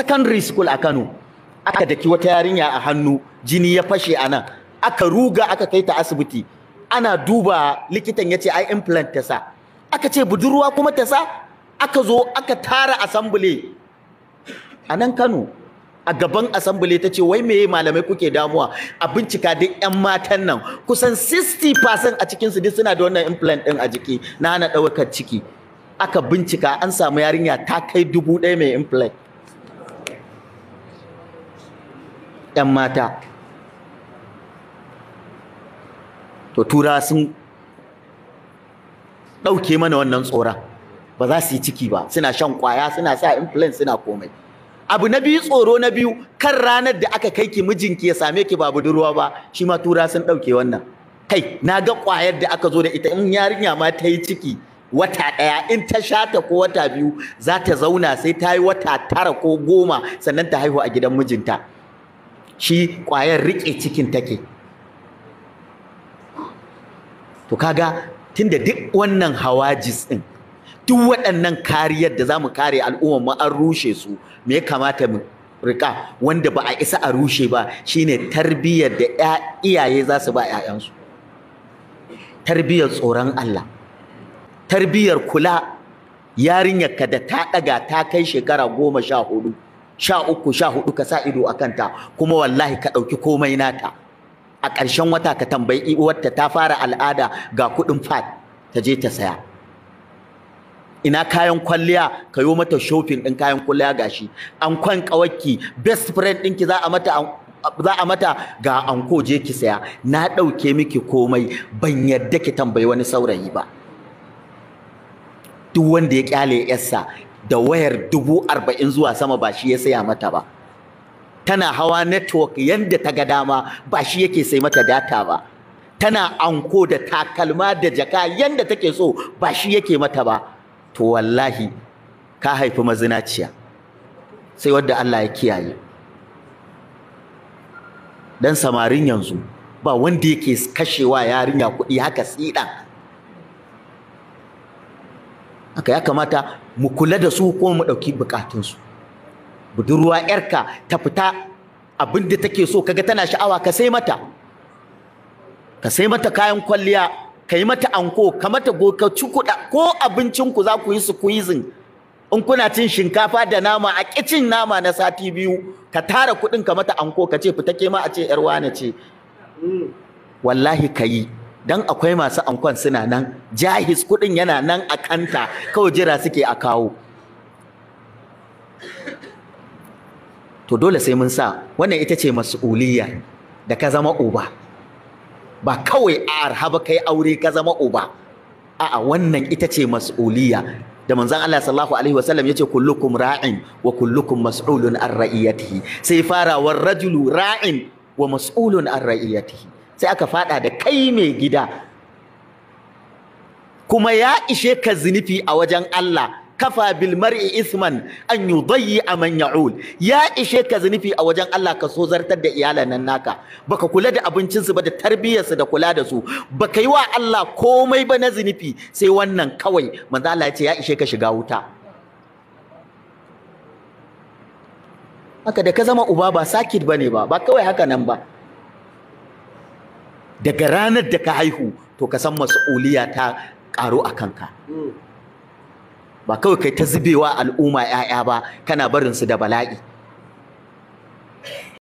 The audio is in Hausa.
secondary school a Kano aka daki wata yarinya a hannu jini ya fashe a nan aka ruga aka kai ta asibiti ana duba likitan ya ce ai implant ta sa aka ce budurwa kuma ta sa aka zo aka tara assembly a nan Kano a gaban assembly ta ce wai meye malamai kuke damuwa a bincika duk yan matan nan kusan 60% a cikin su duk suna da wannan implant din a jiki na hana ɗaukar ciki aka bincika an samu yarinya ta kai dubu ɗaya mai implant 'yan mata to tura sun ɗauke mana wannan tsoron ba za su yi ciki ba suna shan kwaya suna sa influence suna komai abu na biyu tsoro na biyu kan ranar da aka kai ki mijinki ya same ki ba budurwa ba shi ma tura sun ɗauke wannan kai na ga kwayar da aka zo da ita in yarinya ma ta yi ciki wata ɗaya in ta sha ta ko wata biyu za ta zauna sai ta yi wata tara ko goma sannan ta haihu a gidan mijinta shi ƙwayar riƙe cikin take to kaga tunda duk wannan hawajis ɗin duk waɗannan kariyar da za mu kare al'ummar mu an rushe su me ya kamata mu rika wanda ba a isa a rushe ba shine tarbiyyar da iyaye za su ba 'ya'yansu tarbiyyar tsoron Allah tarbiyyar kula yarinyar ka da ta ɗaga ta kai shekara goma sha hudu sha uku sha hudu ka sa ido a kanta kuma wallahi ka ɗauki komai nata a ƙarshen wata ka tambayi uwarta ta fara al'ada ga kuɗin fat ta je ta saya ina kayan kwalliya ka yo mata shopping ɗin kayan kwalliya gashi an kwan kawakki best friend ɗinki za a mata za a mata ga anko je ki saya na ɗauke miki komai ban yadda ki tambayi wani saurayi ba duk wanda ya kyale yarsa da wayar dubu arba'in zuwa sama ba shi ya saya mata ba tana hawa network yadda ta ga dama ba shi yake sai mata data ba tana anko da takalma da jaka yadda take so ba shi yake mata ba to wallahi ka haifi mazinaciya sai wadda Allah ya kiyaye dan samarin yanzu ba wanda yake kashewa yarinya kuɗi haka tsiɗa haka ya kamata mu kula da su ko mu ɗauki bukatunsu budurwa yarka ta fita abin da take so kaga tana sha'awa ka sai mata ka sai mata kayan kwalliya ka yi mata anko ka mata goka kuɗa, ko ku za ku yi su kuizin in kuna cin shinkafa da nama a kicin nama na sati biyu ka tara kuɗin ka mata anko ka ce fita ke ma a ce yar wane ce mm. wallahi ka yi dan akwai masu ankon suna nan jahis kudin yana nan a kanta kawai jira suke a kawo to dole sai mun sa wannan ita ce mas'uliyya da ka zama uba ba kawai a arha ba kai aure ka zama uba a'a wannan ita ce mas'uliyya da manzon Allah sallallahu alaihi wasallam yace kullukum ra'in wa kullukum mas'ulun an ra'iyatihi sai farawar rajulu ra'in wa mas'ulun an ra'iyatihi sai aka fada da kai mai gida kuma ya ishe ka zinifi a wajen Allah kafa bil mar'i isman an yudayyi man ya'ul ya ishe ka zinifi a wajen Allah ka so zartar da iyalan nan naka baka kula da abincinsu ba da tarbiyyar su da kula da su baka yi wa Allah komai ba na zunufi sai wannan kawai manzo Allah ya ce ya ishe ka shiga wuta haka da ka zama uba ba sakit bane ba ba kawai haka nan ba daga ranar da ka haihu to ka san mas'uliya ta ƙaru a kanka mm. ba kawai kai ta zubewa al'umma 'ya'ya ba kana barin su da bala'i